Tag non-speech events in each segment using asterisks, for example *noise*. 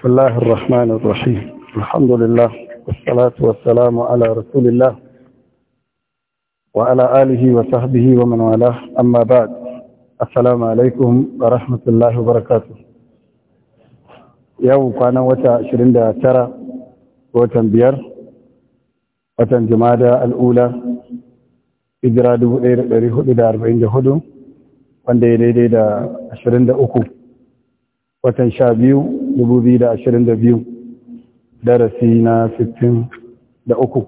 بسم الله الرحمن الرحيم الحمد لله والصلاة والسلام على رسول الله وعلى آله وصحبه ومن والاه أما بعد السلام عليكم ورحمة الله وبركاته يوم كان وتا 29 watan biyar watan jumada al'ula hijira 1444 wanda ya daidai da 23 watan sha biyu 2022 darasi na 63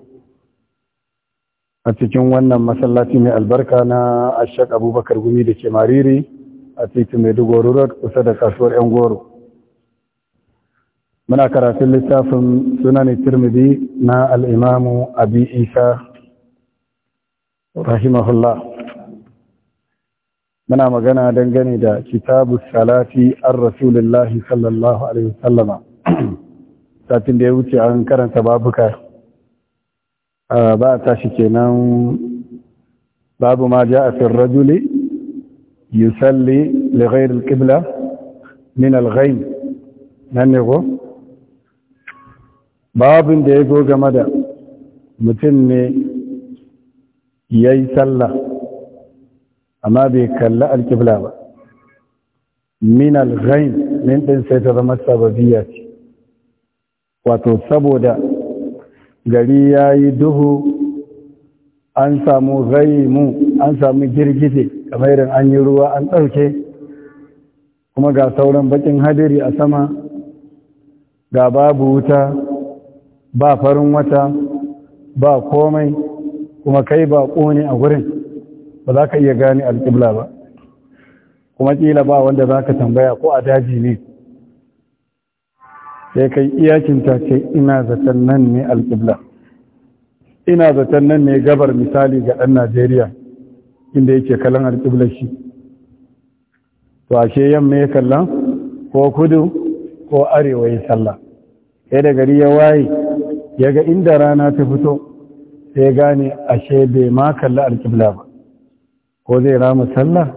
a cikin wannan masallaci mai albarka na ashek abubakar gumi da ke mariri a titin maiduguri road kusa da kasuwar yan goro muna karatun littafin sunan tirmidhi na al'imamu abi isa rahimahullah muna magana dangane da kitabu salati an rasulullahi sallallahu alaihi wasallama *clears throat* satin da ya wuce an karanta babuka ba a tashi kenan babu ma ja a fin rajuli yusalli salli ghairil min alghain nan ne ko babin da ya zo game da mutum ne ya yi sallah amma bai kalla alƙibla ba min alghain min ɗin sai ta zama sababiya ce wato saboda gari ya yi duhu an samu ghaimu an samu girgije kamar irin an yi ruwa an ɗauke kuma ga sauran bakin hadiri a sama ga babu wuta ba farin wata ba komai kuma kai ba ne a gurin ba za ka iya gane alƙibla ba kuma ƙila ba wanda za ka tambaya ko a daji ne sai kai iyakinta ce ina zaton nan ne alƙibla ina zaton nan ne gabar misali ga ɗan najeriya inda yake kallon alƙibla shi to ashe yamma ya kalla ko kudu ko arewa ya sallah sai da gari ya waye ya ga inda rana ta fito sai gane ashe bai ma kalli alƙibla ba ko zai rama sallah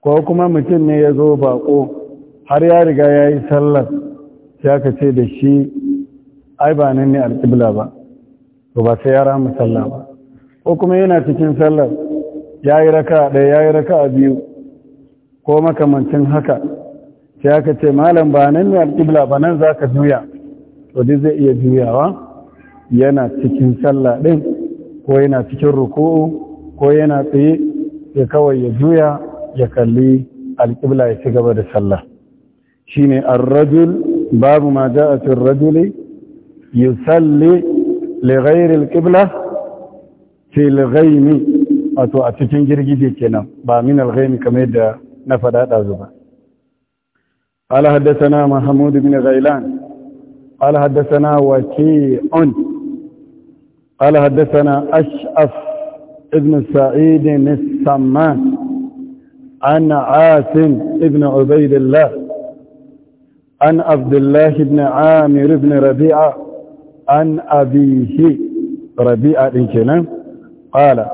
ko kuma mutum ne ya zo bako har ya riga ya yi sallar sai aka ce da shi ai ba nan ne alƙibla ba to ba sai ya rama sallah ba ko kuma yana cikin sallar ya yi raka a ɗaya ya yi raka a biyu ko makamancin haka sai aka ce malam ba nan ne alƙibla ba nan za ka juya to duk zai iya juyawa yana cikin sallah ɗin ko yana cikin ruku'u ko yana tsaye ya kawai ya juya ya kalli alƙibla ya ci gaba da sallah shine ar-rajul babu ma ja a cin rajuli yi salli ghayri alƙibla ce fi a to wato a cikin girgije kenan ba min al kamar da na fada da zuba bin حدثنا محمود haddasa na قال On. وكيع haddasa na ash'af ابن سعيد السمان عن عاصم ابن عبيد الله عن عبد الله بن عامر بن ربيعة عن أبيه ربيعة إن قال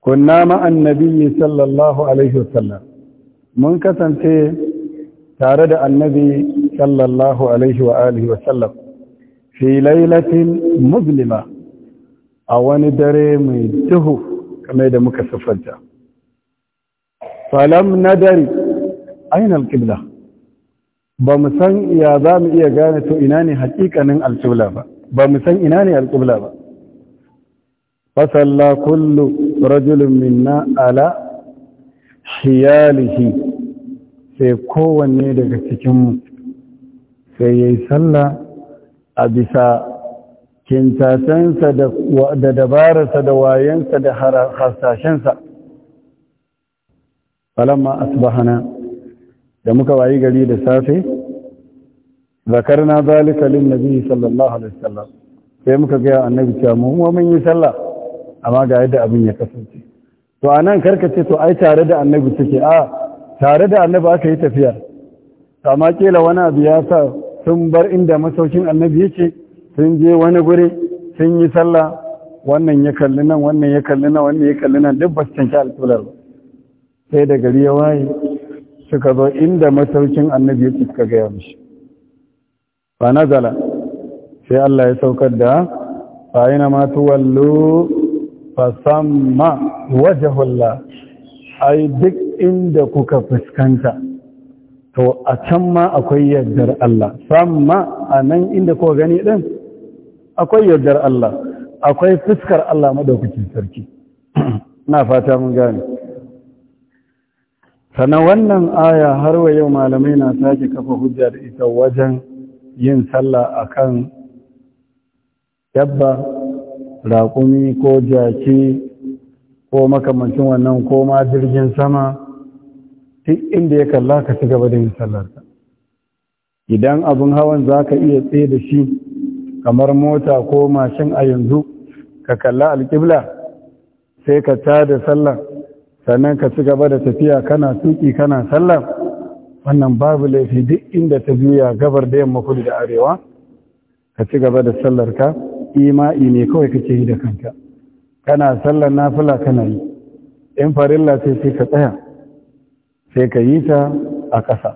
كنا مع النبي صلى الله عليه وسلم من في تارد النبي صلى الله عليه وآله وسلم في ليلة مظلمة a wani dare mai duhu kamar da muka siffanta falam dare, aina alqibla ba mu san ya za mu iya gane to ina ne hakikanin alƙibla ba ba mu san ina ne alƙibla ba fasalla kullu rajulun minna ala hiyalihi sai kowanne daga cikinmu sai ya yi sallah a bisa kintasensa da dabararsa da wayensa da hasashensa falamma asbahana da muka wayi gari da safe zakarna zalika lin nabi sallallahu alaihi wasallam sai muka ga annabi cewa mu mun yi sallah amma ga yadda abin ya kasance to anan karka ce to ai tare da annabi take a tare da annabi aka yi tafiya amma kila wani abu ya sa sun bar inda masaukin annabi yake sun je wani guri sun yi sallah wannan ya kalli nan wannan ya kalli nan wannan ya kalli nan duk ba su canci alƙiblar ba sai da gari ya waye suka zo inda masaukin annabi yake suka gaya mishi fa nazala sai Allah ya saukar da fa ina ma tuwallu fa samma wajhullah ai duk inda kuka fuskanta to a can ma akwai yardar Allah samma nan inda kuka gani din akwai yardar Allah akwai fuskar Allah madaukakin sarki *clears throat* na fata mun gane sannan wannan aya har wa yau malamai na sake kafa hujja da ita wajen yin sallah akan yabba, raƙumi ko jaki ko makamancin wannan ko ma jirgin sama duk inda ya kalla ka ci gaba da yin sallarka idan abin hawan za ka iya tsaye da shi kamar mota ko mashin a yanzu ka kalla alƙibla sai ka tada sallah sannan ka ci gaba da tafiya kana tuki kana sallah wannan babu laifi duk inda ta juya gabar da yamma kudu da arewa ka ci gaba da sallar ka ima'i ne kawai kake yi da kanka kana sallar nafila kana yi in farilla sai sai ka tsaya sai ka yi ta a ƙasa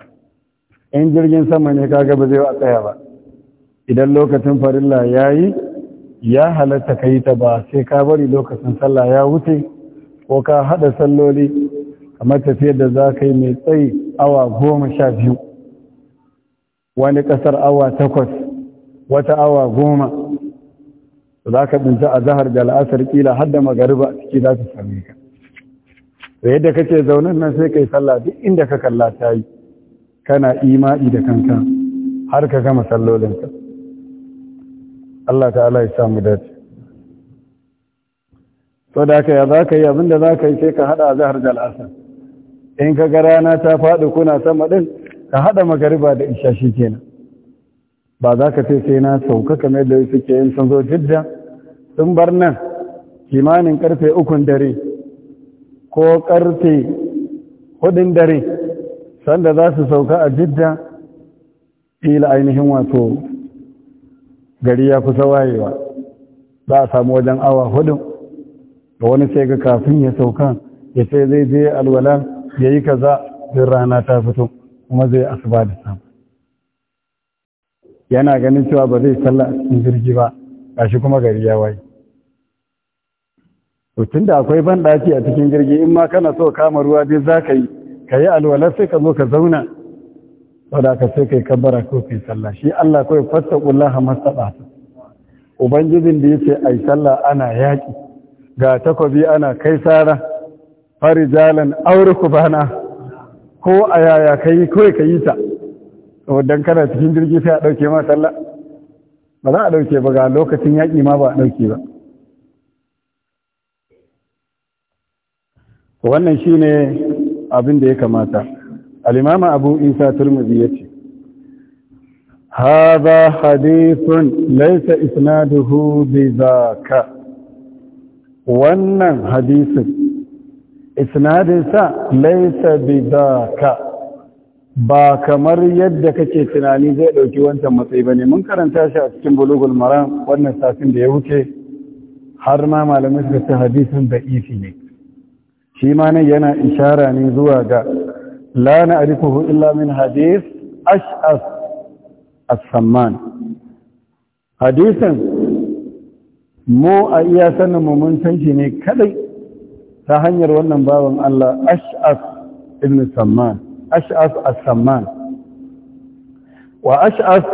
in jirgin sama ne ka gaba zai a tsaya ba idan lokacin farilla ya yi ya halatta ka yi ta ba sai ka bari lokacin sallah ya wuce ko ka haɗa salloli kamar tafiyar da za ka yi mai tsayi awa goma sha biyu wani ƙasar awa takwas wata awa goma za ka ɗinci a zahar da la'asar ƙila har da magariba ciki za ta same ka da yadda kake zaunen nan sai kai sallah duk inda ka kalla ta yi kana imani da kanka har ka gama sallolinka Allah ta'ala ya samu dace to da haka za ka yi abinda za ka yi sai ka haɗa zahar da al'asar in ka ga rana ta faɗi kuna sama ɗin ka haɗa magariba da isha shi kenan ba za ka ce sai na sauka kamar da suke yin sun zo jidda sun bar nan kimanin karfe ukun dare ko karfe hudun dare sanda za su sauka a jidda ila ainihin wato gari ya kusa wayewa za a samu wajen awa hudu da wani sai ga kafin ya sauka ya sai zai je alwala ya yi kaza din rana ta fito kuma zai asuba da samu yana ganin cewa ba zai salla a cikin jirgi ba shi kuma gari ya waye tun da akwai banɗaki a cikin jirgi in ma kana so kama ruwa dai za ka yi ka yi alwalar sai ka zo ka zauna saboda ka sai kai kabbara ko kai sallah shi Allah kawai fattaqullaha masabata ubangijin da yace ai sallah ana yaki ga takobi ana kai sara farijalan ku bana ko a yaya kai kawai ka yi ta dan kana cikin jirgi sai a ɗauke ma sallah ba za a ɗauke ba ga lokacin yaki ma ba a ɗauke ba wannan shine abin da ya kamata al'imama abu isa turmuzi ya ce haza hadithun laisa isnaduhu bi zaka wannan hadisin isnadinsa sa bi ba kamar yadda kake tunani zai ɗauki wancan matsayi ba ne mun karanta shi a cikin bulugul maram wannan satin da ya wuce har ma malamai suka ce hadisin da ifi ne shi ma nan yana ishara ne zuwa ga لا نعرفه إلا من حديث أشأف السمان حديثا مو أياسا ممنسنشني كذي فهن يرون بابا الله أشأف ابن السمان أشأف السمان وأشأف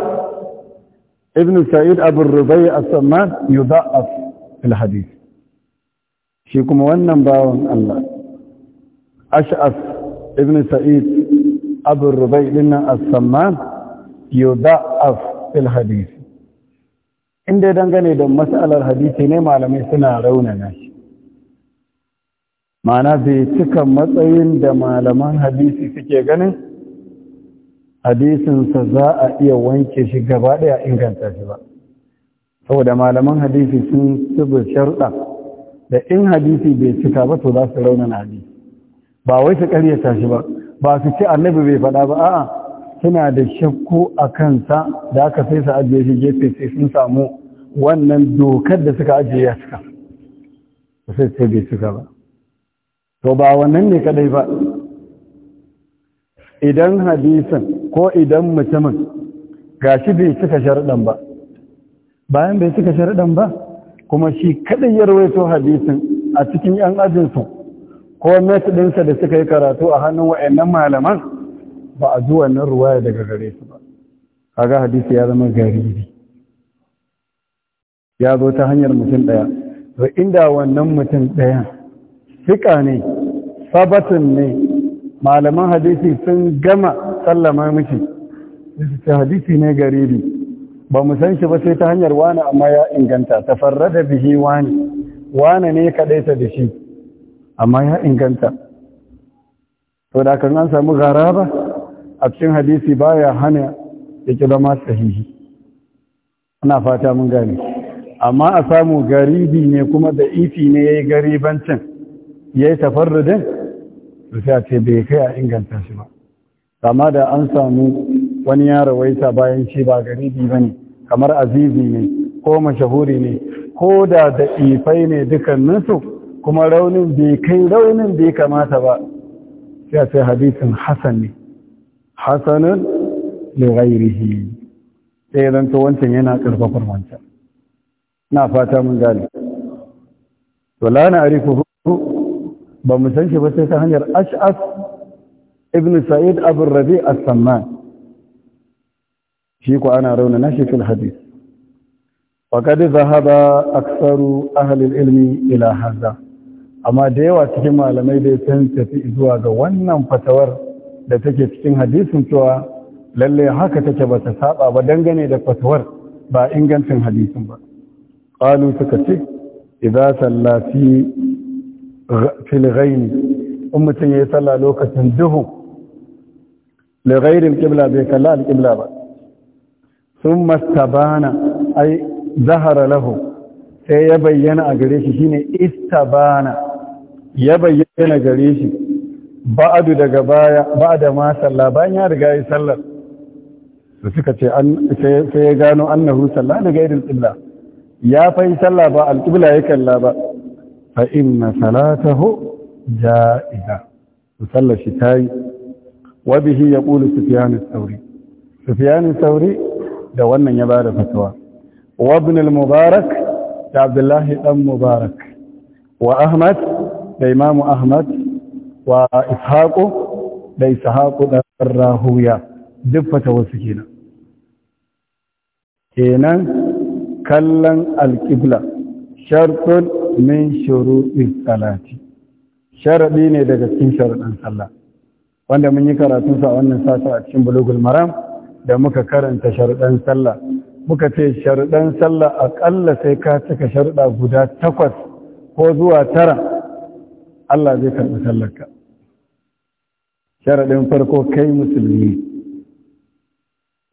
ابن سعيد أبو الربيع السمان يضعف الحديث شيكم ونن بابا الله أشأف ibn sa'id abu rubai dinnan a samman yudha'af fil hadith inda dangane da matsalar hadisi ne malamai suna raunana shi ma'ana bai cika matsayin da malaman hadisi suke ganin hadisinsa za a iya wanke shi gaba daya inganta shi ba saboda malaman hadisi sun tuba sharɗa da in hadisi bai cika ba to za su raunana hadisi ba wai ta karyata shi ba ba su ce annabi bai faɗa ba a'a suna da shakku a kansa da aka sai su ajiye shi gefe sai sun samu wannan dokar da suka ajiye ya cika ba sai sai bai cika ba to ba wannan ne kadai ba idan hadisin ko idan mutumin gashi bai cika sharaɗan ba bayan bai cika sharaɗan ba kuma shi kadai ya rawaito hadisin a cikin yan ajinsu ko ɗinsa da suka yi karatu a hannun wa'annan malaman ba a zuwa nan ruwa daga gare su ba ga hadisi ya zama gariri. ya zo ta hanyar mutum ɗaya zai inda wannan mutum ɗaya fika ne sabatin ne malaman hadisi sun gama sallama miki ce hadisi ne gariri. ba mu san shi ba sai ta hanyar wani amma ya inganta da bihi wani wani ne kaɗaita da shi amma ya inganta to da kan an samu ba a cikin hadisi baya hana ya yake zama sahihi ana fata mun gane amma a samu garibi ne kuma da ifi ne yayi garibancin yayi tafarrudin to sai a ce bai kai a inganta shi ba amma da an samu wani ya rawaita bayan shi ba garibi bane kamar azizi ne ko mashahuri ne ko da da ifai ne dukanninsu kuma raunin bai kai raunin bai kamata ba ya ce hadisin hasan ne hasanun gairihi sai don to wancan yana ƙarfafar wancan na fata mun gane to lana a na hudu ba mu san shi ba sai ta hanyar ash'as ibn sa'id abin rabi a samman shi ku ana rauna na shi fil hadith وقد ذهب أكثر أهل العلم إلى هذا amma da yawa cikin malamai da san tafi zuwa ga wannan fatawar da take cikin hadisin cewa lalle haka take ba ta saba ba dangane da fatawar ba ingancin hadisin ba qalu suka ce idza salla fi fil ghayn in mutum yayi salla lokacin duhu li ghairi qibla bai kala al-qibla ba thumma tabana ay zahara lahu sai ya bayyana a gare shi shine istabana ya bayyana gare shi ba'adu daga baya ba'da ma sallah bayan ya riga yi sallar da suka ce sai ya gano annahu sallah na gairin illa. ya fai sallah ba alƙibla ya kalla ba fa inna salatahu ja'iza su sallar shi tayi. yi wa bihi ya ƙulu sufiyanin sauri sufiyanin sauri da wannan ya bada da fatawa wa ibn al-mubarak da abdullahi dan mubarak wa ahmad da imamu ahmad wa ishaku da ishaku da rahuya duk fata wasu kenan kenan kallon alƙibla shartun min shuruɗin salati sharaɗi ne daga cikin sharaɗin sallah wanda mun yi karatunsa a wannan sata a cikin bulugul maram da muka karanta sharaɗin sallah muka ce sharaɗin sallah aƙalla sai ka cika sharaɗa guda takwas ko zuwa tara Allah zai karɓi sallarka sharaɗin farko kai musulmi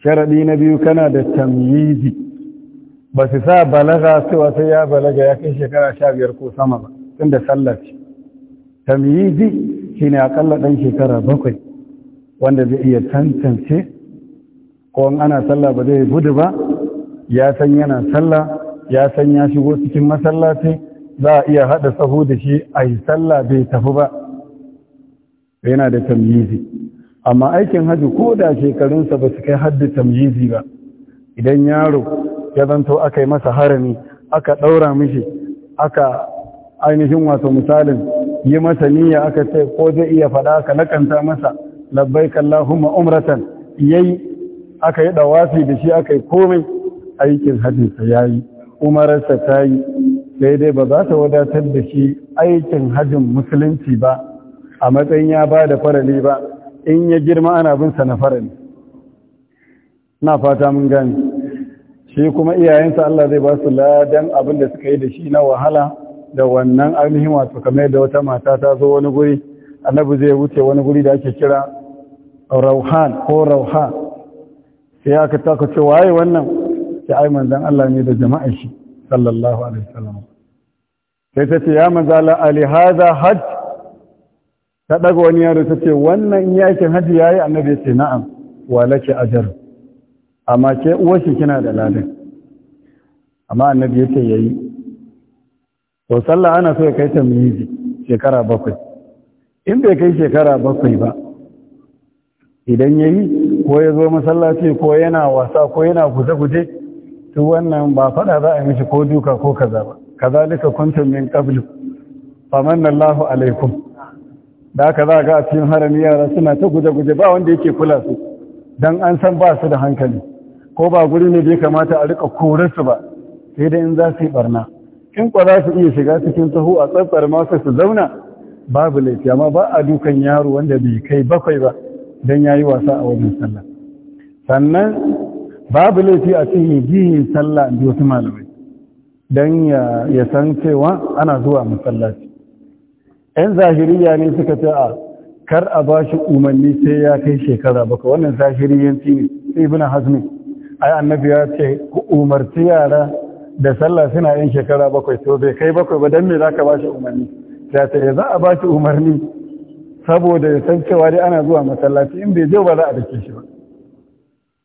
sharaɗi na biyu kana da tamyizi ba su sa balaga cewa sai ya balaga ya kai shekara sha biyar ko sama ba tunda sallar ce tamyizi shine aƙalla ɗan shekara bakwai wanda zai iya tantance ko ana salla ba zai gudu ba ya san yana sallah ya san ya shigo cikin masallaci za a iya haɗa sahu da shi a yi sallah bai tafi ba yana da tamyizi amma aikin hajji ko da shekarunsa ba su kai haddi tamyizi ba idan yaro ya zanto aka yi masa harami aka ɗaura mishi aka ainihin wato misalin yi masa niyya aka ce ko zai iya faɗa aka lakanta masa labbai Allahumma umratan yayi aka yi ɗawafi da shi aka yi komai aikin hajjinsa ya yi, umararsa ta yi Daidai dai ba za ta wadatar da shi aikin hajjin musulunci ba a matsayin ya ba da farali ba in ya girma ana bin sa na farali na fata mun gani shi kuma iyayensa Allah zai ba su ladan abin da suka yi da shi na wahala da wannan ainihin wato kamar da wata mata ta zo wani guri annabi zai wuce wani guri da ake kira rauhan ko rauha sai aka taka ce waye wannan sai ai manzon Allah ne da jama'a shi sallallahu alaihi wasallam sai ta ce ya mazala ali hadha hajj ta ɗaga wani yaro ta ce wannan yakin hajji yayi annabi ya ce na'am wa laki ajr amma ke uwashi kina da ladan amma annabi ya ce yayi to sallah ana so ya kai ta miji shekara bakwai in bai kai shekara bakwai ba idan yayi ko ya zo masallaci ko yana wasa ko yana guje-guje to wannan ba fada za a yi mishi ko duka ko kaza ba kazalika kuntum min qablu famanna Allahu alaikum da ka za ga a cikin harami yara suna ta guje-guje ba wanda yake kula su dan an san ba su da hankali ko ba guri ne da ya kamata a rika kore ba sai dai in za su yi barna in kwa za su iya shiga cikin taho a tsabbar masu su zauna babu laifi amma ba a dukan yaro wanda bai kai bakwai ba don ya yi wasa a wajen sallah sannan babu laifi a cikin yin sallah da wasu malamai don ya san cewa ana zuwa masallaci yan zahiriya ne suka ce a kar a ba shi umarni sai ya kai shekara baka wannan zahiriyanci ne sai ibn hazmi yi annabi ya ce umarci yara da sallah suna yin shekara bakwai to bai kai bakwai ba don me ka ba shi umarni Ta ta za a ba shi umarni saboda ya san cewa dai ana zuwa masallaci in bai je ba za a dake shi ba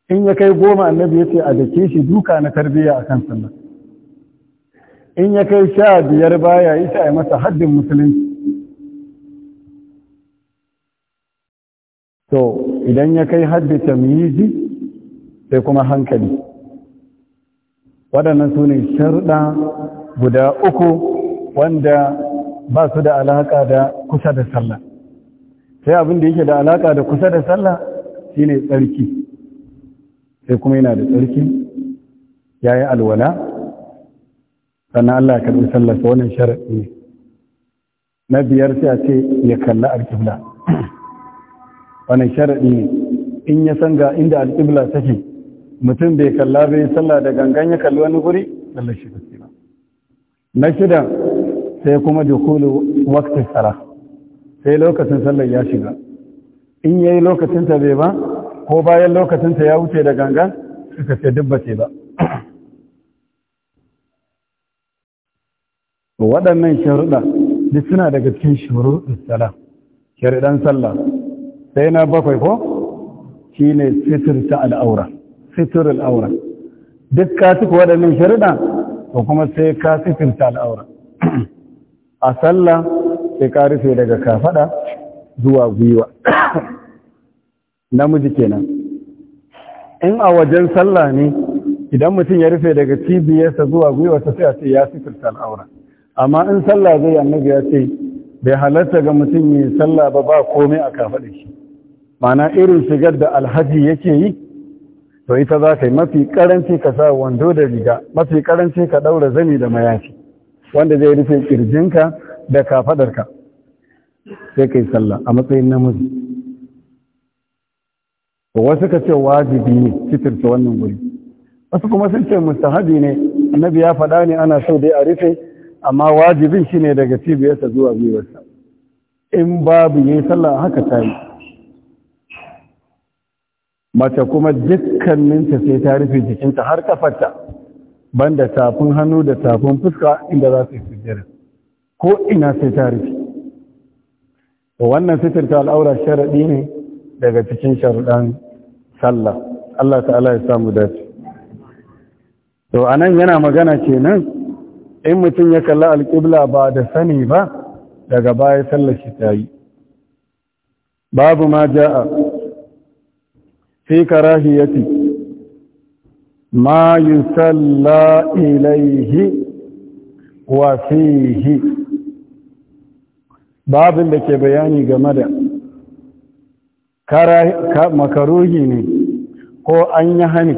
in ya kai goma annabi ya ce a dake shi duka na tarbiyya a kan sallah in ya kai sha biyar baya yi ta masa haddin musulunci to idan ya kai haddi miji sai kuma hankali waɗannan su ne sharɗa guda uku wanda ba su da alaƙa da kusa da sallah sai abin da yake da alaƙa da kusa da sallah shine tsarki sai kuma yana da tsarki ya yi alwala sannan Allah ya karɓi sallarsa wannan sharaɗi ne na biyar sai a ce ya kalla alƙibla wannan sharaɗi ne in ya san ga inda alƙibla take mutum bai kalla bai sallah da gangan ya kalli wani guri sallar shi ba na shida sai kuma dukulu waqti salah sai lokacin sallar ya shiga in yayi lokacin ta bai ba ko bayan lokacinta ya wuce da gangan suka ce dubbace ba ce ba waɗannan sharuɗa duk suna daga cikin da salam sharuɗan sallah sai na bakwai ko shi ne sitirta al'aura sitir al'aura duk ka cika waɗannan sharuɗa ko kuma sai ka sitirta al'aura a sallah sai ka rufe daga kafaɗa zuwa gwiwa namiji kenan in a wajen sallah ne idan mutum ya rufe daga cibiyarsa zuwa gwiwarsa sai a ce ya sitirta al'aura amma in sallah zai annabi ya ce bai halatta ga mutum yi sallah ba ba komai a kafaɗe shi ma'ana irin shigar da alhaji yake yi to ita za ka yi mafi karanci ka sa wando da riga mafi karanci ka ɗaura zani da mayafi wanda zai rufe kirjinka da kafaɗarka sai ka yi sallah a matsayin namiji to wasu ka ce wajibi ne sitirce wannan guri wasu kuma sun ce mustahabi ne annabi ya faɗa ne ana so dai a rufe amma wajibin shine daga cibiyarsa zuwa biyarsa in babu yi sallah haka ta yi mace kuma dukkaninta sai ta rufe jikinta har kafarta banda tafin hannu da tafin fuska inda za su yi sujjada ko ina sai ta rufe wannan sitirta al'aura sharaɗi ne daga cikin sharuɗan sallah Allah ta'ala ya samu dace to anan yana magana kenan in mutum ya kalli alƙibla ba da sani ba daga baya sallar shi ta yi babu ma ja'a fi karahiyati ma yusalla ilaihi wa fihi babin da ke bayani game da makaruhi ne ko an yi hani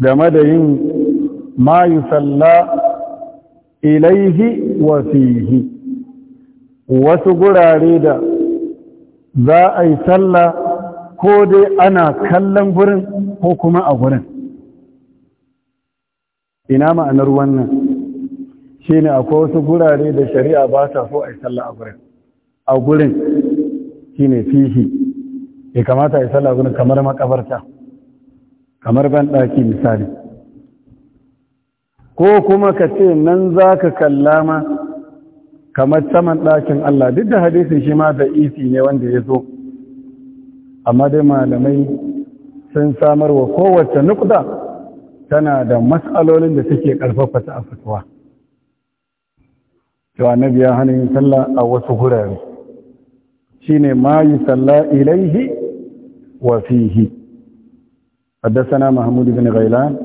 game da yin ma yi salla ilaihi wa fihi wasu gurare da za a yi salla ko dai ana kallon gurin ko kuma a gurin ina ma'anar wannan shi ne akwai wasu gurare da shari'a ba ta so a yi salla a gurin a gurin shi fihi ya kamata ya sallah gudun kamar makabarta kamar ban banɗaki misali ko kuma ka ce nan za ka kalla ma kamar saman ɗakin Allah duk da hadisun shi ma da isi ne wanda ya zo amma dai malamai sun samar wa kowace nukuda tana da matsalolin da suke ƙarfafa ta a fatuwa cewa na hannun hannun sallah a wasu hurare shine ma yi sallah ilaihi وفيه حدثنا محمود بن غيلان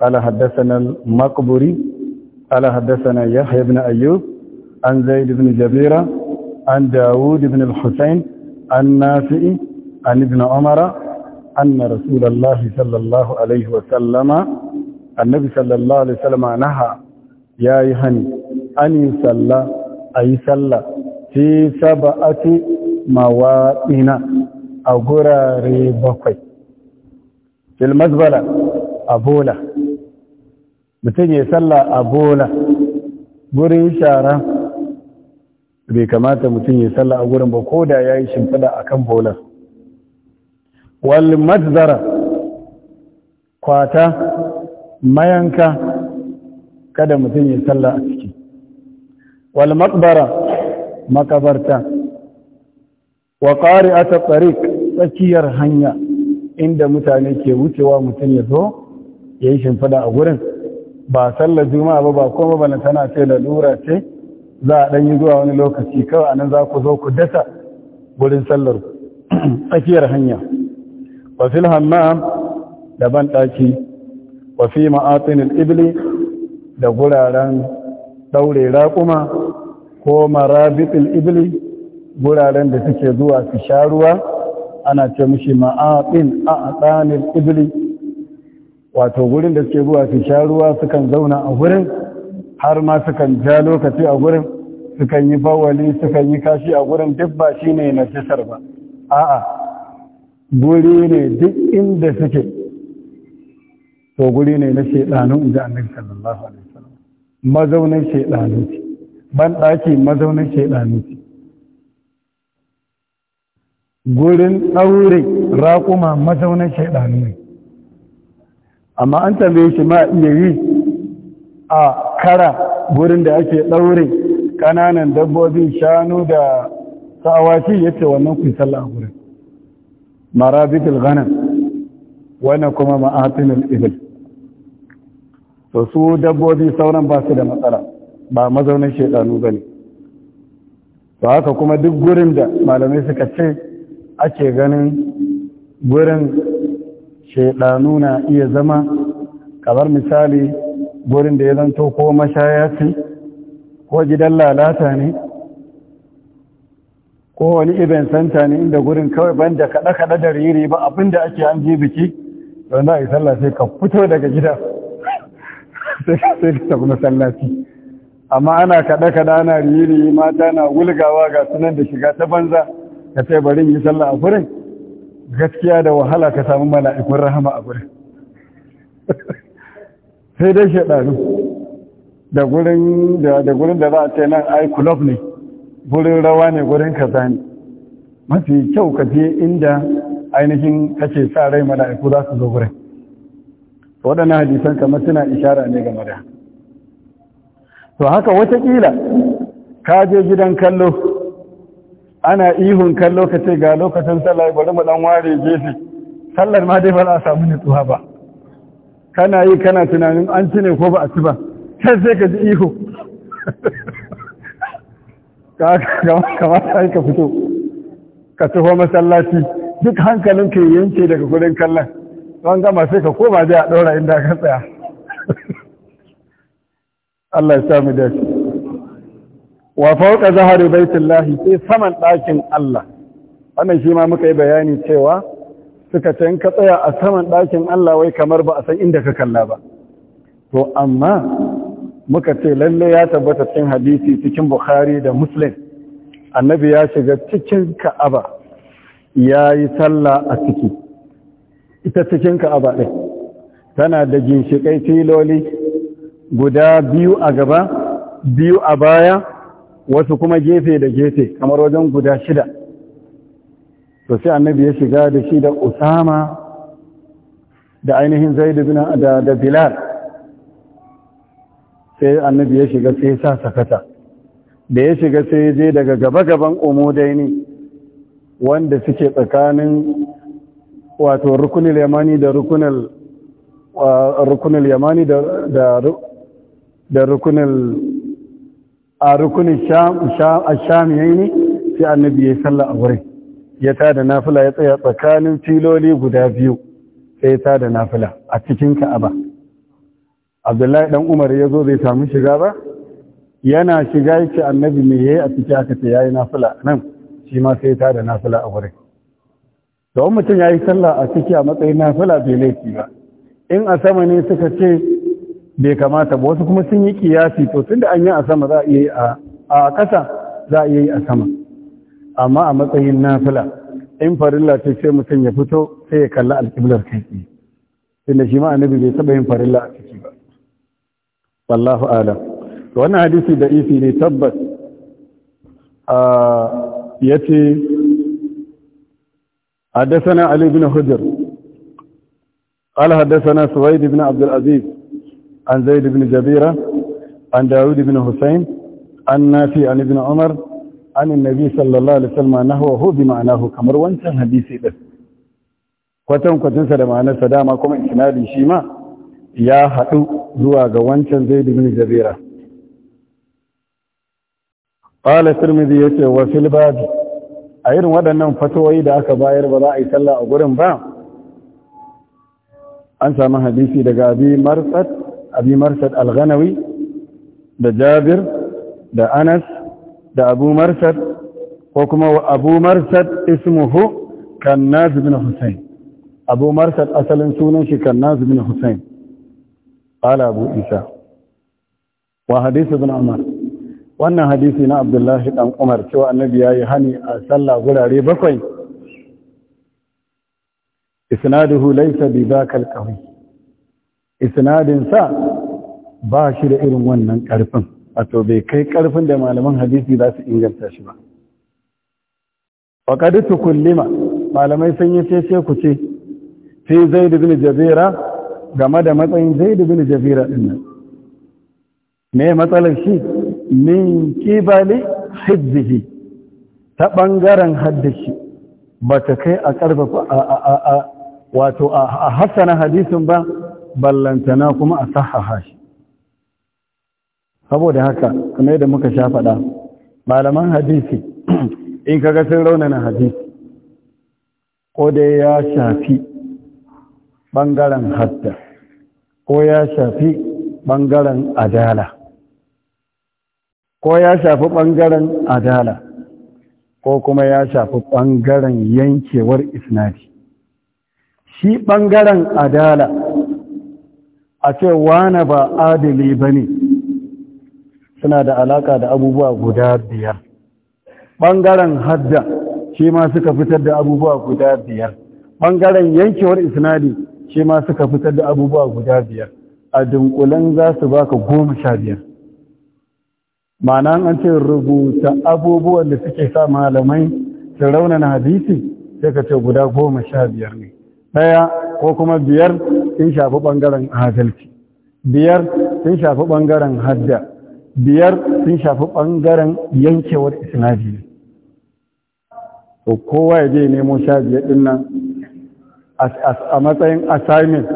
قال حدثنا المقبري قال حدثنا يحيى بن أيوب عن زيد بن جبيرة عن داود بن الحسين عن نافع عن ابن عمر أن رسول الله صلى الله عليه وسلم النبي صلى الله عليه وسلم نهى يا يهني أن يصلى أي صلى في سبعة مواطن a gurare bakwai fil mazbala a bola mutum ya salla a bola gurin shara bai kamata mutum ya salla a gurin ba ko da ya yi shimfiɗa a kan bola. wal kwata mayanka kada mutum ya salla a ciki wal makabarta wa ƙari a tsakiyar hanya inda mutane ke wucewa mutum ya zo ya yi shimfada a gurin ba sallar juma'a ba ba kuma bana tana ce lalura ce za a ɗan yi zuwa wani lokaci kawai anan za ku zo ku dasa gurin sallar *clears throat* tsakiyar hanya wafi hammam da ban ɗaki wafi ma'atinin ibli da guraren ɗaure raƙuma ko marabitin ibli guraren da suke zuwa su sha ruwa ana ce mushi a tsanin ibli wato gurin da suke zuwa su sha ruwa sukan zauna a gurin har ma sukan ja lokaci a gurin sukan yi bawali sukan yi kashi a gurin duk ba na najisar ba a'a guri ne duk inda suke to guri ne na shedanu inji annabi sallallahu alaihi wasallam mazaunin shedanu ce ban daki mazaunin shedanu ce gurin ɗaure raƙuma mazaunan shaiɗanu ne amma an tambaye shi ma iya yi a kara gurin da ake ɗaure ƙananan dabbobin shanu da sa'awaci ya ce wannan kun sallah a gurin marabitul ghanam wannan kuma ma'atinul ibil to su dabbobi sauran ba su da matsala ba mazaunin shaidanu ba ne to haka kuma duk gurin da malamai suka ce ake ganin gurin shaidanu na iya zama kamar misali gurin da ya zanto ko mashaya ce ko gidan lalata ne ko wani iban santa ne inda gurin kawai banda kada-kada da riri ba abinda ake an ji biki don za a yi sallah ka fito daga gida sai ka tafi masallaci amma ana kada-kada ana riri mata na wulgawa ga sunan da shiga ta banza ka ce bari yi sallah a gurin gaskiya da wahala ka samu mala'ikun rahama a gurin *laughs* sai dai shaɗaru da gurin da za a ce nan ai kulof ne gurin rawa ne gurin kaza ne mafi kyau ka je inda ainihin kace sa rai mala'iku za su zo gurin waɗannan hadisan kamar suna ishara ne game da to haka watakila ka je gidan kallo ana ihun kan lokaci ga lokacin sallah bari mu dan ware gefe sallar ma dai ba za a samu nutsuwa ba kana yi kana tunanin an ci ne ko ba a ci ba sai sai ka ji ihu *laughs* ka ka fito ka taho masallaci duk hankalin ka yanke daga gudun kallon don gama sai ka koma dai a ɗora inda ka tsaya *laughs* Allah ya sami dace wa fauka zahari baitullahi sai saman ɗakin Allah wannan shi ma muka yi bayani cewa suka ce in ka tsaya a saman ɗakin Allah wai kamar ba a san inda ka kalla ba to amma muka ce lalle ya tabbata cikin hadisi cikin Bukhari da Muslim annabi ya shiga cikin Ka'aba ya yi sallah a ciki ita cikin Ka'aba ɗin tana da ginshiƙai filoli guda biyu a gaba biyu a baya wasu kuma gefe da gefe kamar wajen guda shida to sai annabi ya shiga da shi da usama da ainihin zaidu bin da da bilal sai annabi ya shiga sai sa sakata da ya shiga sai ya je daga gaba gaban umudaini wanda suke tsakanin wato rukunil yamani da rukunil rukunil yamani da da a rukunin sham ya yi ne sai annabi ya yi sallah a wurin ya ta da nafila ya tsaya tsakanin filoli guda biyu sai ya ta da nafila a cikin ka'aba abdullahi dan umar ya zo zai samu shiga ba yana shiga ce annabi me yayi a cikin aka ce yi nafila nan shi ma sai ya ta da nafila a wurin don mutum ya yi sallah a ciki a matsayin nafila bai laifi ba in a sama ne suka ce bai kamata ba wasu kuma sun yi kiyasi to tun da an yi a sama za a iya yi a ƙasa za a iya yi a sama amma a matsayin nafila in farilla ce sai mutum ya fito sai ya kalla alƙiblar kai tsaye tunda shi ma annabi bai taɓa yin farilla a ciki ba wallahu alam to wannan hadisi da isi ne tabbas ya ce حدثنا علي بن حجر قال حدثنا سويد بن عبد العزيز عن زيد بن bin عن داود بن حسين عن نافي عن ابن عمر عن النبي صلى الله عليه وسلم أنه هو بمعناه كمر وانسان حديثي ده kwatan kwatinsa da ma'anarsa dama kuma isnadin shi ma ya haɗu zuwa ga wancan zai bin jabira qala tirmidhi yace wa fil a irin waɗannan fatawoyi da aka bayar ba za a yi sallah a gurin ba an sami hadisi daga abi marsad abi marsad al-ghanawi da jabir da anas da abu marsad ko kuma abu marsad ismuhu kannaz bin husayn abu marsad asalin sunan shi kannaz bin husayn qala abu isa wa hadith ibn umar wannan hadisi na abdullahi dan umar cewa annabi yayi hani a sallah gurare bakwai isnaduhu laysa bi dhaka al-qawi isnadinsa ba shi da irin wannan ƙarfin wato bai kai ƙarfin da malaman hadisi za su inganta shi ba faƙaɗi tukullima malamai sun yi sai ku ce fi zai da jazira game da matsayin zai da bin jazira ɗin nan me matsalar shi min kibali hajjihi ta ɓangaren haddashi ba ta kai a ƙarfafa a wato a hassana hadisin ba ballantana kuma a sahaha shi saboda haka kuma yadda muka sha faɗa malaman hadisi *clears throat* in kaga sun raunana hadisi ko dai ya shafi ɓangaren hadda ko ya shafi ɓangaren adala ko ya shafi ɓangaren adala ko kuma ya shafi ɓangaren yankewar isnadi shi ɓangaren adala a ce wane ba adali ba ne suna da alaka da abubuwa guda biyar ɓangaren hadda shi ma suka fitar da abubuwa guda biyar ɓangaren yankewar isnadi shi ma suka fitar da abubuwa guda biyar a dunkulen za su baka goma sha biyar ma'ana an ce rubuta abubuwan da suke sa malamai su raunana hadisi sai ka ce guda goma sha biyar ne ɗaya ko kuma biyar sun shafi ɓangaren adalci biyar sun shafi ɓangaren hadda biyar sun shafi ɓangaren yankewar isnadi to kowa ya je nemo sha biyar ɗin nan a matsayin assignment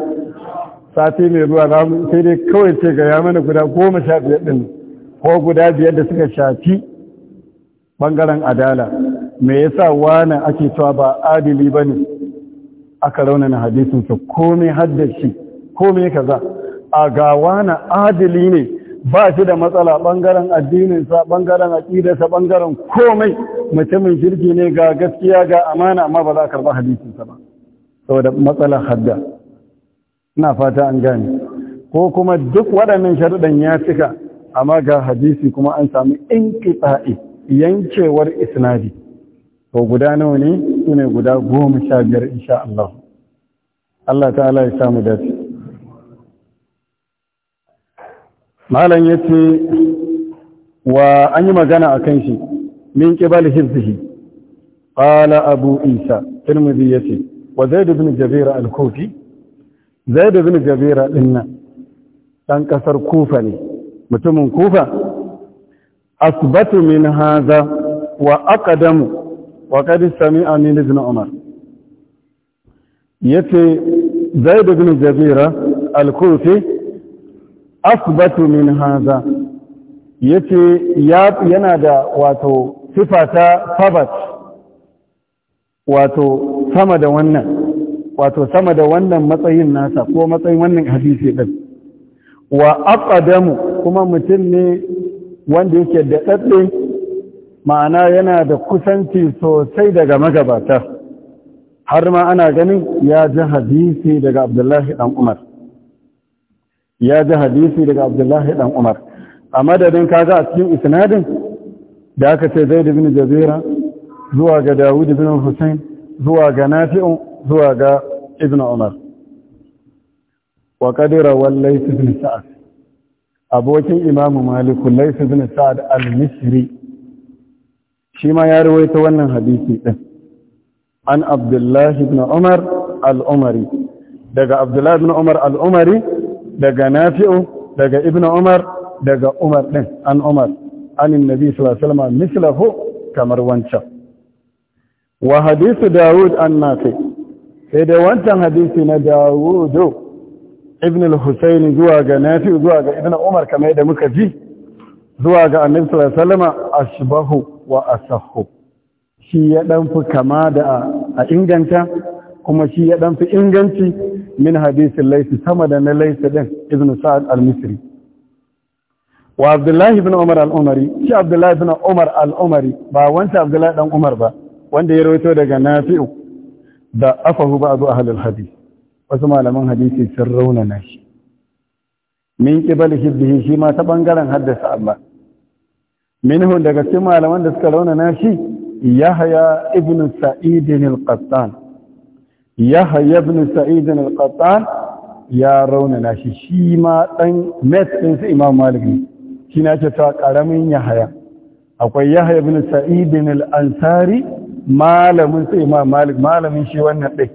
sati mai zuwa za mu sai dai kawai ce ga ya mana guda goma sha biyar ɗin ko guda biyar da suka shafi ɓangaren adala me yasa wani ake cewa ba adili ba ne aka raunana hadisinsa komai haddashi komai kaza a gawa na adali ne ba shi da matsala ɓangaren addininsa ɓangaren aƙidarsa ɓangaren komai mutumin jirgi ne ga gaskiya ga amana amma ba za a karɓa hadisinsa ba saboda matsala hadda ina fata an gane ko kuma duk waɗannan sharuɗan ya cika amma ga hadisi kuma an sami inqita'i yankewar isnadi to guda nawa ne su ne guda goma sha biyar insha Allah Allah ta'ala ya samu dace malam ya ce wa an yi magana a kan shi min ƙibal hizzihi ƙala abu isa tirmidhi ya ce wa zai da bin al zai da bin jabira Dan ɗan ƙasar kufa ne mutumin kufa asbatu min haza wa aqadamu wa qad sami'a min ibn umar yace zaid ibn jabira al-kufi asbatu min Ya ce yana da wato sifata sabat wato sama da wannan wato sama da wannan matsayin nasa ko matsayin wannan hadisi ɗin wa aƙadamu kuma mutum ne wanda yake da dadde ma'ana yana da kusanci sosai daga magabata har ma ana ganin ya ji hadisi daga abdullahi dan umar ya ji hadisi daga abdullahi dan umar a madadin kaga a cikin isnadin da aka ce zai da bin jazira zuwa ga dawud bin hussein zuwa ga nafi'u zuwa ga ibn umar wa kadira wallai ibn sa'ad abokin imamu malik laysa bin sa'ad al-misri shi ma ya rawaita wannan hadisi ɗin. an abdullahi ibn umar al daga abdullahi ibn umar al daga nafi'u daga ibn umar daga umar ɗin an umar anin nabi sallallahu alaihi wasallam mislahu kamar wancan wa hadisi Dawud an nafi sai dai wancan hadisi na Dawudu, ibn al-husayn zuwa ga nafi'u zuwa ga ibn umar kamar yadda muka ji zuwa ga annabi sallallahu alaihi wasallam ashbahu wa asahu shi ya dan fi kama da a inganta kuma shi ya dan fi inganci min hadisin laysi sama da na laysi din ibn sa'ad al-misri wa abdullahi ibn umar al-umari shi abdullahi ibn umar al-umari ba wanda abdullahi dan umar ba wanda ya rawaito daga nafi'u da afahu ba'du ahli al-hadith wasu malaman hadisi sun raunana shi min qibal hibbihi shi ma ta bangaren haddasa Allah minhu daga cikin malaman da suka raunana shi yahya ibn sa'id al-qattan yahya ibn sa'id al-qattan ya raunana shi shi ma dan met din su imam malik ne shi na ce ta karamin yahya akwai yahya ibn sa'id al-ansari malamin su imam malamin shi wannan din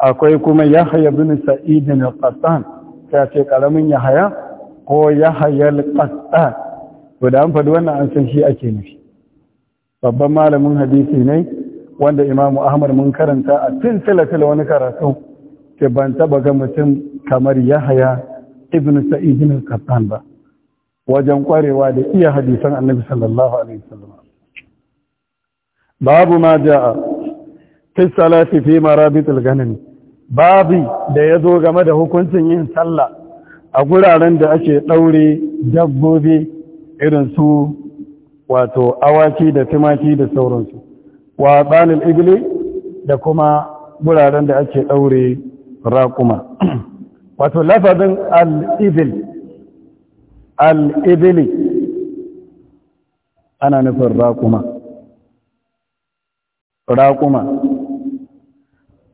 akwai kuma yahya ibn sa'id al-qattan ta ce karamin yahya ko yahya al-qattan to da an faɗi wannan an san shi ake nufi babban malamin hadisi ne wanda imamu ahmad mun karanta a cin tilatila wani karatu ke ban taba ga mutum kamar yahaya ibn sa'id ibn qattan ba wajen kwarewa da iya hadisan annabi sallallahu alaihi wasallam babu ma jaa fi salati fi marabitul al babi da yazo game da hukuncin yin sallah a guraren da ake daure dabbobi irin su wato awaki da tumaki da sauransu wa tsanin igili da kuma guraren da ake ɗaure raƙuma *clears throat* wato lafazin al'ibil al'ibili ana nufin raƙuma raƙuma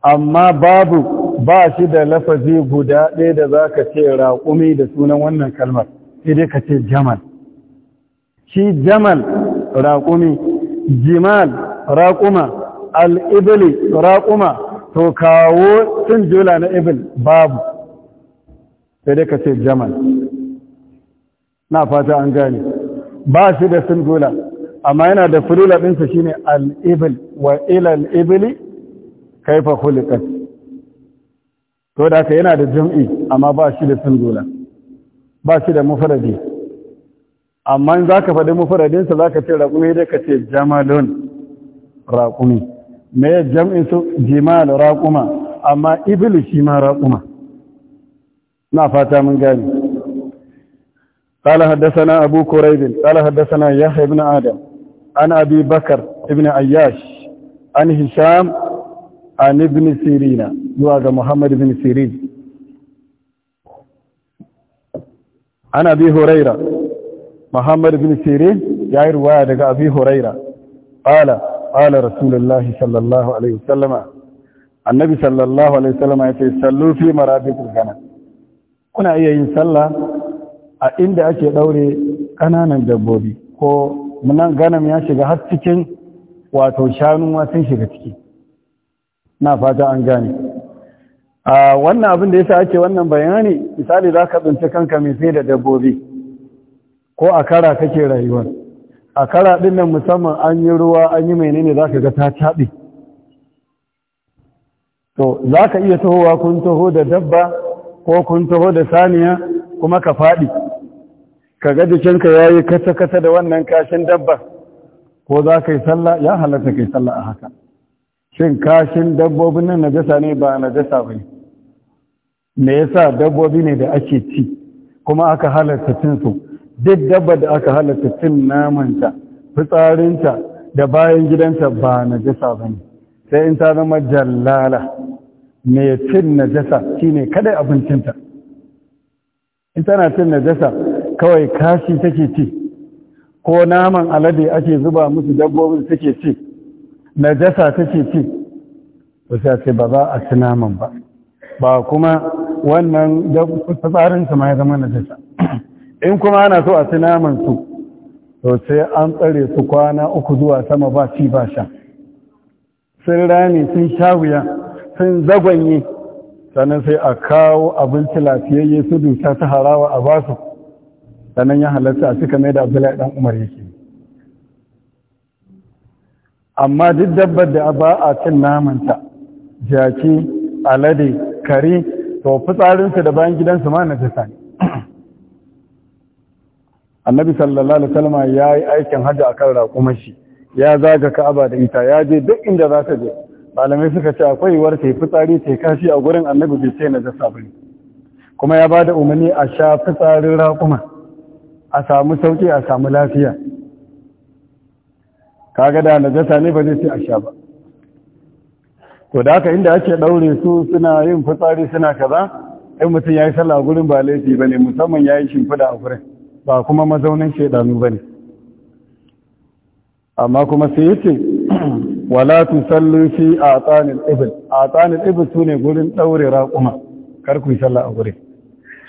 amma babu ba shi da lafazi guda ɗaya da za ka ce raƙumi da sunan wannan kalmar sai dai ka ce jamal shi jamal raƙumi jimal raƙuma al'ibili raƙuma to kawo sun jula na ibil babu sai dai ka ce jamal na fata an gane ba shi da sun jula amma yana da fulula ɗinsa shi ne al'ibil wa ilal ibili kaifa hulikat to da ka yana da jam'i amma ba shi da sun jula ba shi da mufaradi amma za ka faɗi mufaradinsa za ka ce raƙumi da ka ce jamalun raƙumi mai jam'in su jimal raƙuma amma ibilu shi ma raƙuma na fata mun gani قال حدثنا أبو كريب قال حدثنا يحيى بن آدم عن أبي بكر ابن أياش عن هشام عن ابن سيرين يواغ محمد بن سيرين عن أبي هريرة muhammad bin sirin ya yi ruwaya daga abi huraira ƙala ƙala rasulullahi sallallahu alaihi wasallama annabi sallallahu alaihi wasallama ya ce sallu fi marabiqul ghanam kuna iya yin sallah a inda ake ɗaure ƙananan dabbobi ko munan ganam ya shiga har cikin wato shanu ma sun shiga ciki na fata an gane a wannan abin da ya sa ake wannan bayani misali za ka tsinci kanka mai sai da dabbobi ko a kara kake rayuwar a kara ɗin nan musamman an yi ruwa an yi ne za ka ga ta caɓe to za ka iya tahowa kun taho da dabba ko kun taho da saniya kuma ka faɗi ka ga jikinka ya yi kasa-kasa da wannan kashin dabba ko za ka yi sallah ya halatta ka yi sallah a haka shin kashin dabbobin nan najasa ne ba najasa ba ne me yasa dabbobi ne da ake ci kuma aka halatta cin su duk dabba da aka halatta cin namanta fitsarinta da bayan gidanta ba na jasa ba ne sai in ta zama jallala mai cin na jasa shi ne kadai abincinta in tana cin na jasa kawai kashi take ci ko naman alade ake zuba musu dabbobin take ci na najasa take ci ba sai ce ba za a ci naman ba ba kuma wannan fitsarinta ma ya zama na jasa. in kuma ana so a ci naman su to sai an tsare su kwana uku zuwa sama ba ci ba sha sun rami sun sha wuya sun zagwanye sannan sai a kawo abinci lafiyayye su dusa ta harawa a basu sannan ya halatta a cika mai da abdullahi dan umar yake amma duk dabbar da ba a cin namanta jaki alade kare to fitsarinsu da bayan gidansu ma na jisa ne annabi sallallahu alaihi wasallam ya yi aikin hajji akan kan shi ya zaga ka'aba da ita ya je duk inda za ta je malamai suka ce akwai war ta yi fitsari ta yi kashi a gurin annabi bai sai na jasa ba kuma ya ba da umarni a sha fitsarin raƙuma a samu sauƙi a samu lafiya kaga da najasa ne ba zai ce a sha ba to da haka inda ake ɗaure su suna yin fitsari suna kaza in mutum ya yi sallah a gurin ba laifi ba ne musamman ya yi shimfiɗa a gurin ba kuma mazaunin shaidanu ba ne amma kuma sai ya ce *clears throat* walatu tusallu a tsanin ibil A tsanin ibil su ne gurin ɗaure raƙuma kar ku yi sallah a gurin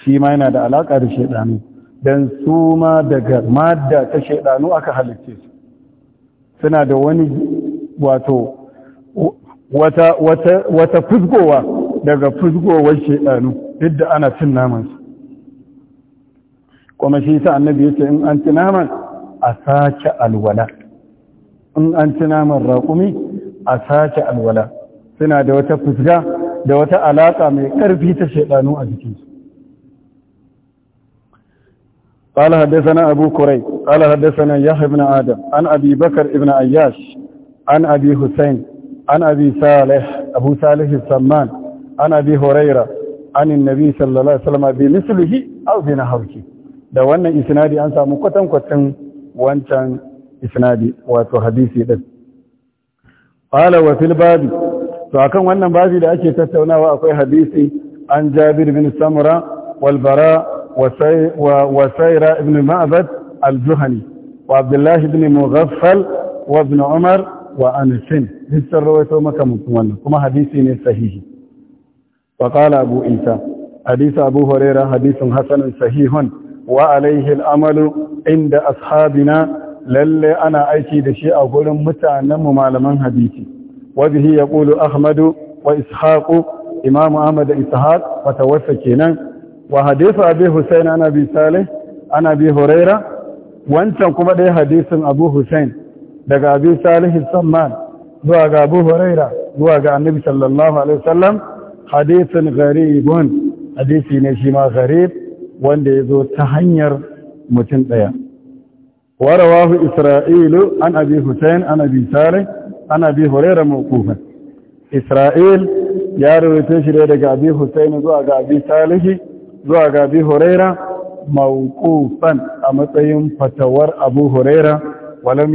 shi ma yana da alaƙa da shaidanu don su ma daga madda ta shaidanu aka halitce su suna da wani wato wata fuzgowa daga fuzgowar shaidanu duk da ana cin namansu kuma shi sa annabi yace in an ci naman a sace alwala in an ci naman raƙumi a sace alwala suna da wata fusga da wata alaƙa mai ƙarfi ta shaidanu a jikinsu قال حدثنا أبو كريب قال حدثنا يحيى بن آدم عن أبي بكر بن أياش عن أبي حسين عن أبي صالح أبو صالح السمان عن أبي هريرة عن النبي صلى الله عليه وسلم بمثله أو بنحوه da wannan isnadi an samu kwatankwatan wancan isnadi wato hadisi din qala wa fil babi to akan wannan babi da ake tattaunawa akwai hadisi an Jabir bin Samra wal Bara wa Sayra ibn Ma'bad al-Juhani wa Abdullah ibn Mughaffal wa ibn Umar wa Anas duk rawaito maka mutum wannan kuma hadisi ne sahihi wa qala Abu Isa hadisi Abu huraira hadisin hasanun sahihun wa alaihi al’amalu inda ashabina lallai ana aiki da shi a gurin mutanenmu malaman hadisi wadda shi ya ƙulu ahmadu wa ishaku Imam ahmad da ishaku wata wasa kenan wa hadisu abu hussein ana bi sale huraira wancan kuma ɗaya hadisun abu daga abu salihu samman zuwa ga abu zuwa ga annabi sallallahu alaihi wasallam hadisun hadisi ne shi ma gharib wanda ya zo ta hanyar mutum ɗaya wahu isra'ilu an abi hussein an abi salih an abi hurairah mawqufan isra'il ya rubuta shi daga abi hussein zuwa ga abi Salihi zuwa ga abi hurairah mawqufan a matsayin fatawar abu Hurera. walam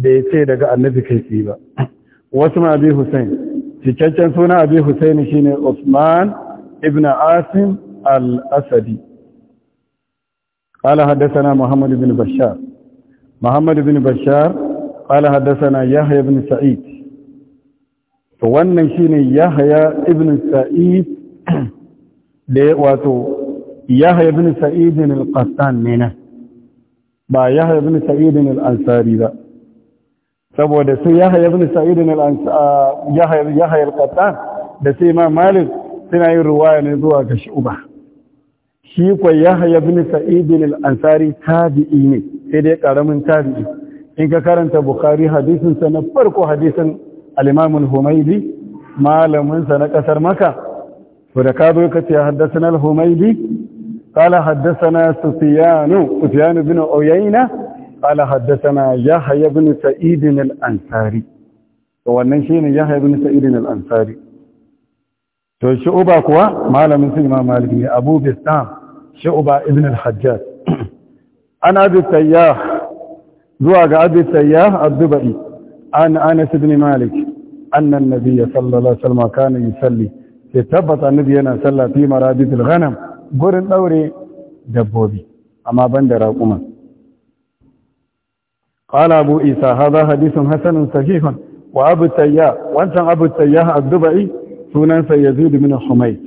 da ya ce daga annabi kai tsi ba wasu ma abi hussein cikakken suna abi hussein shine Osman ibn asim الأسدي قال حدثنا محمد بن بشار محمد بن بشار قال حدثنا يحيى بن سعيد wannan shine Yahya ibn Sa'id da wato Yahya ibn Sa'id al-Qastan ne na ba Yahya ibn Sa'id al-Ansari ba saboda sai Yahya ibn Sa'id al-Ansari Yahya al-Qastan da sai ma Malik suna yin ruwaya ne zuwa ga Shu'ba shi kwa yahya bin sa'id al-ansari tabi'i ne sai dai karamin tabi'i in ka karanta bukhari hadisin sa na farko hadisin alimamun imam malaminsa na ƙasar maka to da ka zo ka ce haddathana al-humaydi qala haddathana sufyan sufyan ibn uyayna qala haddathana yahya ibn sa'id al-ansari to wannan shine yahya al-ansari to shu'uba kuwa malamin sun imam malik ne abu bistam shu'uba ibn al-hajjaj *clears throat* an abi sayyah zuwa ga abi sayyah az-zubai an anas ibn malik anna an-nabiy sallallahu alaihi wasallam kana yusalli sai tabbata annabi yana salla fi maraditil ghanam gurin daure dabbobi amma ban da raƙuma qala abu isa hadha hadithun hasanun sahihun wa abu sayyah wancan abu sayyah a dubai? sunansa yazid ibn humayt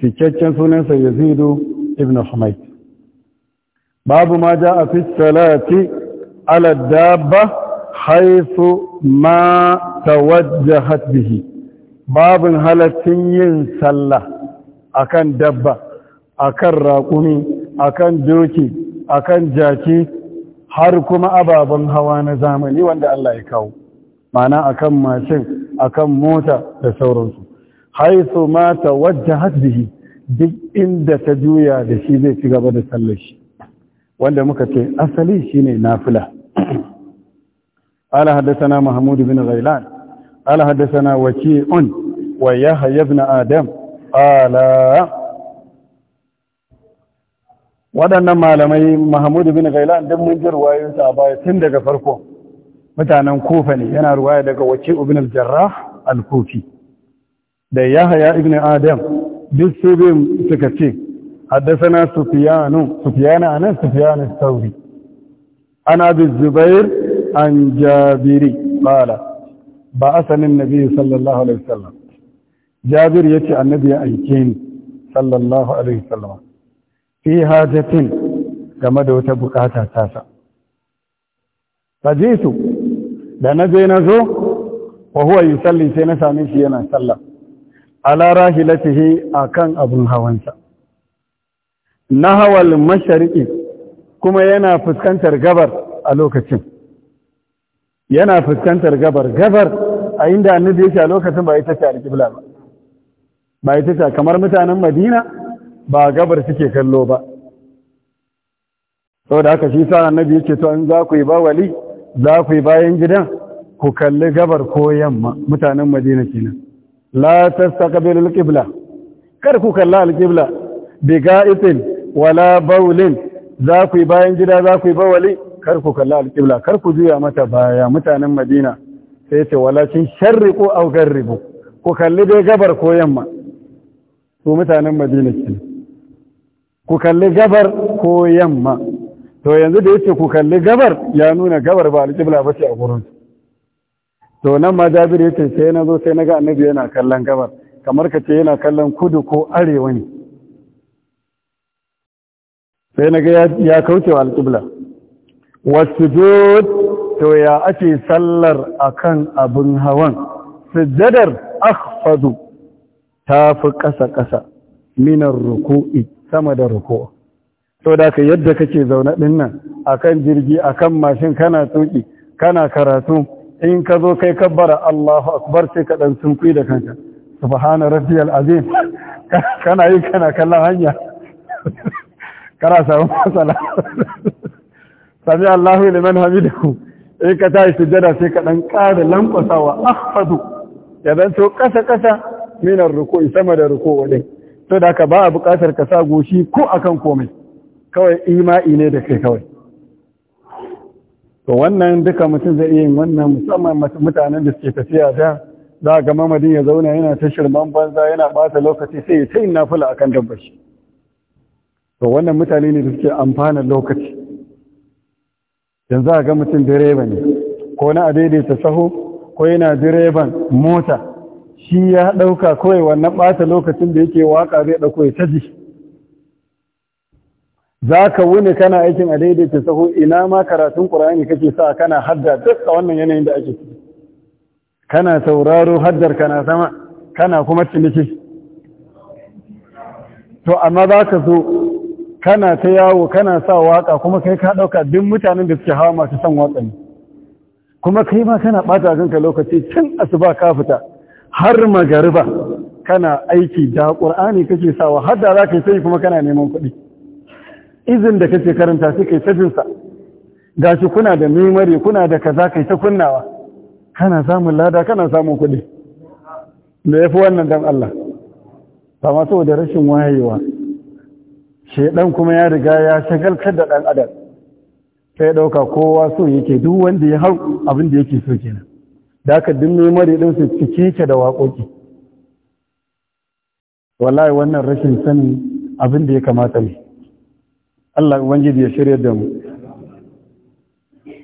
cikakken sunansa Yazidu ibn humayt babu ma a fi salati ala dabba haifu ma tawajjahat bihi babun halattun yin sallah akan dabba akan raƙumi akan doki akan jaki har kuma ababen hawa na zamani wanda Allah ya kawo mana akan mashin akan mota da sauransu haithu ma tawajjahat haddihi duk inda ta juya da shi zai ci gaba da sallar shi wanda muka ce asali shi shine nafila *clears throat* ala haddathana mahmud bin ghailan ala haddathana waki'un wa yahya ibn adam ala waɗannan malamai mahmud bin ghailan duk mun ji ruwayoyinsa a baya tun daga farko mutanen kufa ne yana ruwaya daga waki'u bin al-jarrah al-kufi da yahaya ibn adam duk su biyun suka ce haddasana sufiyanu sufiyana anan sufiyanu sauri ana bi zubair an jabiri bala ba asanin nabi sallallahu alaihi wasallam jabir yace annabi ya aike ni sallallahu alaihi wasallam fi hajatin game da wata bukata ta sa fajisu da na je na zo wa huwa yusalli sai na same shi yana sallah ala a akan abun hawansa hawan mashariqi kuma yana fuskantar gabar a lokacin yana fuskantar gabar gabar a inda annabi yake a lokacin ba ita ce alƙibla ba ba ita ce kamar mutanen Madina ba gabar suke kallo ba saboda haka shi sa annabi yake to an za ku yi bawali za ku yi bayan gidan ku kalli gabar ko yamma mutanen Madina kenan la tastaqbilul qibla kar ku kalla alƙibla. bi ga'itin wala bawlin za ku yi bayan gida za ku yi bawali kar ku kalla alƙibla, kar ku juya mata baya mutanen Madina sai ce walakin sharriqu aw garribu ku kalli dai gabar ko yamma su mutanen Madina ke ku kalli gabar ko yamma to yanzu da yace ku kalli gabar ya nuna gabar ba alƙibla ba ce a gurin to nan ma Jabiru ya ce sai na zo sai na ga annabi yana kallon gabar kamar ka ce yana kallon kudu ko arewa ne sai na ga ya kauce wa alƙibla wasujud to ya ake sallar akan abin hawan sujadar akhfadu ta fi ƙasa-ƙasa minar ruku'i sama da ruku'a to da ka yadda kake zaune ɗin nan akan jirgi akan mashin kana tuki kana karatu in ka zo kai kabbara Allahu akbar sai ka dan da kanka subhana rabbiyal azim *laughs* kana yi kana kallon hanya *laughs* kana samu masala *laughs* sami Allahu liman hamidu in ka tashi sujjada sai ka dan ƙara lankwasawa ahfadu ya to kasa kasa mina ruku sama da wa dai to da ka ba a buƙatar ka sa goshi ko akan komai kawai ima'i ne da kai kawai to wannan duka mutum zai iya yi wannan musamman mutanen da suke tafiya da za ga mamadin ya zauna yana ta shirman banza yana bata lokaci sai ya ta nafila akan dabbar shi to wannan mutane ne da suke amfana lokaci yanzu a ga mutum direba ne ko na a daidaita saho ko yana direban mota shi ya ɗauka kawai wannan bata lokacin da yake waka zai ɗauko ya taji za ka wuni kana aikin a ta saho ina ma karatun ƙura'ani kake sa kana hadda duk a wannan yanayin da ake kana sauraro haddar kana sama kana kuma ciniki to amma za ka zo kana ta yawo kana sa waka kuma kai ka ɗauka duk mutanen da suke hawa masu son waka ne kuma kai ma kana ɓata kanka lokaci tun asuba ka fita har magariba kana aiki da ƙur'ani kake sawa hadda za ka yi sai kuma kana neman kuɗi izin da kake karanta sai kai ta Ga gashi kuna da memory kuna da kaza kai ta kunnawa kana samun lada kana samun kuɗi da yafi wannan dan Allah amma saboda rashin wayewa ɗan kuma ya riga ya shagalkar da dan adam sai dauka kowa so yake duk wanda ya hau abin da yake so kenan da aka duk memory din su cike ke da waƙoƙi wallahi wannan rashin sanin abin da ya kamata ne Allah ubangiji ya shirya da mu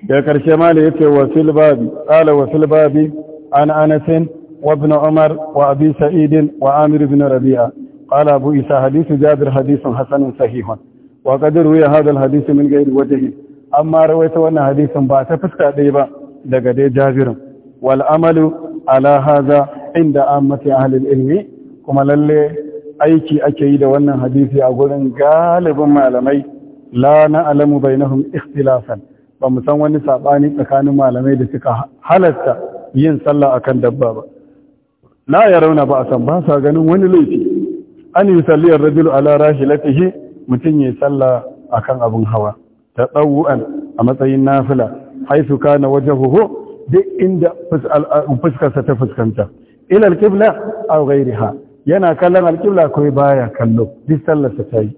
da karshe mala ya wa fil babi qala wa babi an Anasin, wa ibn umar wa abi sa'id wa amir ibn rabi'a qala abu isa hadith jabir hadithun hasanun sahihun wa qad ruya hadal hadisu min ghairi wajhi amma rawaita wannan hadisin ba ta fuska ɗaya ba daga dai jabirin wal amalu ala hadha inda ammati ahli al ilmi kuma lalle aiki ake yi da wannan hadisi a gurin galibin malamai la na'lamu bainahum ikhtilafan ba mu san wani saɓani tsakanin malamai da suka halatta yin sallah akan dabba ba la rauna ba san ba sa ganin wani laifi an yusalli ar-rajulu ala rahilatihi mutun yayi sallah akan abun hawa tadawuan a matsayin nafila haifu kana wajhuhu duk inda fuskarsa ta fuskanta ilal kibla a aw yana kallon al-qibla ko baya kallo duk sallar ta yi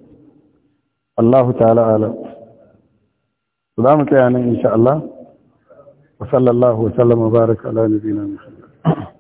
Allahu ta'ala ala za mu tsaya nan insha Allah wa sallallahu wa sallama baraka ala na Muhammad